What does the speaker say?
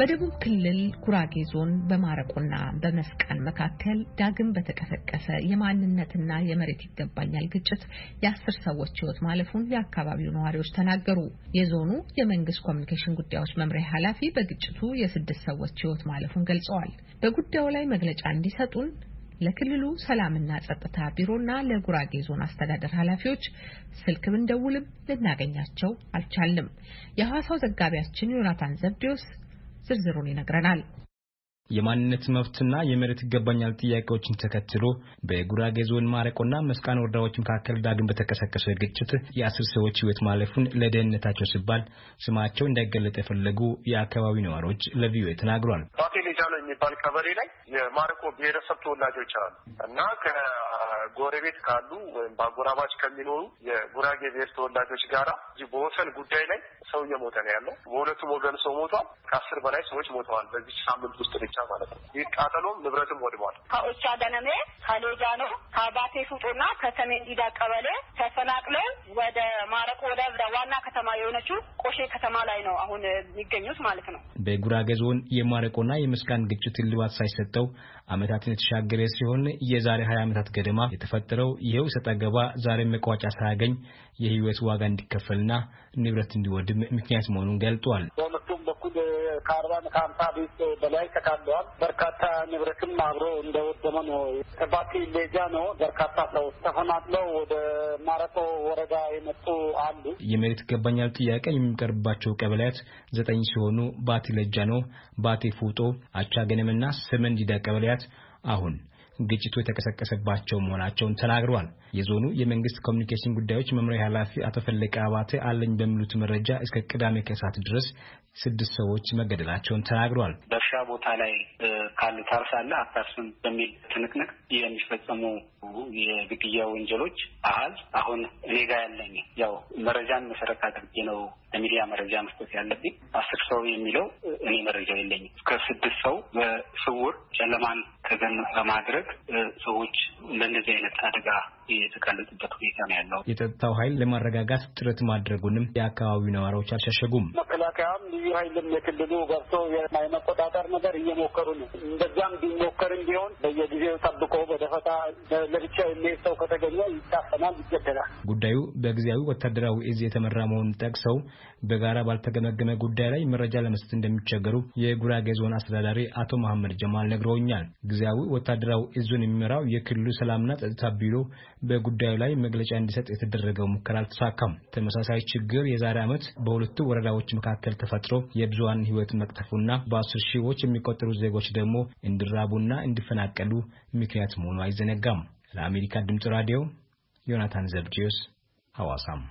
በደቡብ ክልል ጉራጌ ዞን በማረቆና በመስቃን መካከል ዳግም በተቀሰቀሰ የማንነትና የመሬት ይገባኛል ግጭት የአስር ሰዎች ሕይወት ማለፉን የአካባቢው ነዋሪዎች ተናገሩ። የዞኑ የመንግስት ኮሚኒኬሽን ጉዳዮች መምሪያ ኃላፊ በግጭቱ የስድስት ሰዎች ሕይወት ማለፉን ገልጸዋል። በጉዳዩ ላይ መግለጫ እንዲሰጡን ለክልሉ ሰላምና ጸጥታ ቢሮና ለጉራጌ ዞን አስተዳደር ኃላፊዎች ስልክ ብንደውልም ልናገኛቸው አልቻልም። የሐዋሳው ዘጋቢያችን ዮናታን ዘብዴዎስ ዝርዝሩን ይነግረናል። የማንነት መብትና የመሬት ይገባኛል ጥያቄዎችን ተከትሎ በጉራጌ ዞን ማረቆና መስቃን ወረዳዎች መካከል ዳግም በተቀሰቀሰ ግጭት የአስር ሰዎች ሕይወት ማለፉን ለደህንነታቸው ሲባል ስማቸው እንዳይገለጥ የፈለጉ የአካባቢ ነዋሪዎች ለቪኦኤ ተናግሯል። ፋቴሌጃ ነው የሚባል ቀበሌ ላይ የማረቆ ብሔረሰብ ተወላጆች አሉ እና ጎረቤት ካሉ ወይም በአጎራባች ከሚኖሩ የጉራጌ ብሔር ተወላጆች ጋራ በወሰን ጉዳይ ላይ ሰው እየሞተ ነው ያለው። በሁለቱም ወገን ሰው ሞቷል። ከአስር በላይ ሰዎች ሞተዋል በዚች ሳምንት ውስጥ ብቻ ማለት ነው። ይህ ቃጠሎም ንብረትም ወድሟል። ከኦቻ ገነሜ ከሌጃኖ አባቴ ሱጡና ከሰሜን ዲዳ ቀበሌ ተፈናቅለው ወደ ማረቆ ወደ ዋና ከተማ የሆነችው ቆሼ ከተማ ላይ ነው አሁን የሚገኙት ማለት ነው። በጉራጌ ዞን የማረቆና የመስካን ግጭት እልባት ሳይሰጠው አመታትን የተሻገረ ሲሆን የዛሬ ሀያ ዓመታት ገደማ የተፈጠረው ይኸው እሰጥ አገባ ዛሬ መቋጫ ሳያገኝ የህይወት ዋጋ እንዲከፈልና ንብረት እንዲወድም ምክንያት መሆኑን ገልጧል። ከአርባ ከሀምሳ ቤት በላይ ተካለዋል። በርካታ ንብረትም አብሮ እንደወደመ ነው። ሰባት ሌጃ ነው። በርካታ ሰው ተፈናቅለው ወደ ማረቆ ወረዳ የመጡ አሉ። የመሬት ይገባኛል ጥያቄ የሚቀርብባቸው ቀበሌያት ዘጠኝ ሲሆኑ ባቲ ነው፣ ባቴ ፉጦ፣ አቻ ገነምና ሰመንዲዳ ቀበሌያት አሁን ግጭቱ የተቀሰቀሰባቸው መሆናቸውን ተናግረዋል። የዞኑ የመንግስት ኮሚኒኬሽን ጉዳዮች መምሪያ ኃላፊ አቶ ፈለቀ አባተ አለኝ በሚሉት መረጃ እስከ ቅዳሜ ከሰዓት ድረስ ስድስት ሰዎች መገደላቸውን ተናግረዋል። በእርሻ ቦታ ላይ ካሉ ታርሳለ አታርሱን በሚል ትንቅንቅ የሚፈጸሙ የግድያ ወንጀሎች አህል አሁን እኔ ጋ ያለኝ ያው መረጃን መሰረት አድርጌ ነው ለሚዲያ መረጃ መስጠት ያለብኝ አስር ሰው የሚለው እኔ መረጃ የለኝም። እስከ ስድስት ሰው በስውር ጨለማን ተገን በማድረግ ሰዎች ለእንደዚህ አይነት አደጋ የተጋለጡበት ሁኔታ ነው ያለው። የጸጥታው ኃይል ለማረጋጋት ጥረት ማድረጉንም የአካባቢው ነዋሪዎች አልሸሸጉም። መከላከያም ልዩ ኃይልም የክልሉ ገብቶ የማይመቆጣጠር ነገር እየሞከሩ ነው። እንደዚያም ቢሞከርም ቢሆን በየጊዜው ጠብቆ በደፈ ለብቻ የሚሄድ ሰው ከተገኘ ይታፈናል፣ ይገደላል። ጉዳዩ በጊዜያዊ ወታደራዊ እዝ የተመራ መሆኑን ጠቅሰው በጋራ ባልተገመገመ ጉዳይ ላይ መረጃ ለመስጠት እንደሚቸገሩ የጉራጌ ዞን አስተዳዳሪ አቶ መሐመድ ጀማል ነግረውኛል። ጊዜያዊ ወታደራዊ እዙን የሚመራው የክልሉ ሰላምና ጸጥታ ቢሮ በጉዳዩ ላይ መግለጫ እንዲሰጥ የተደረገው ሙከራ አልተሳካም። ተመሳሳይ ችግር የዛሬ ዓመት በሁለቱ ወረዳዎች መካከል ተፈጥሮ የብዙሀን ሕይወት መቅጠፉና በአስር ሺዎች የሚቆጠሩ ዜጎች ደግሞ እንዲራቡና እንዲፈናቀሉ ምክንያት መሆኑ አይዘነጋም። አይዘነጋም። ለአሜሪካ ድምፅ ራዲዮ ዮናታን ዘብጂዮስ ሐዋሳም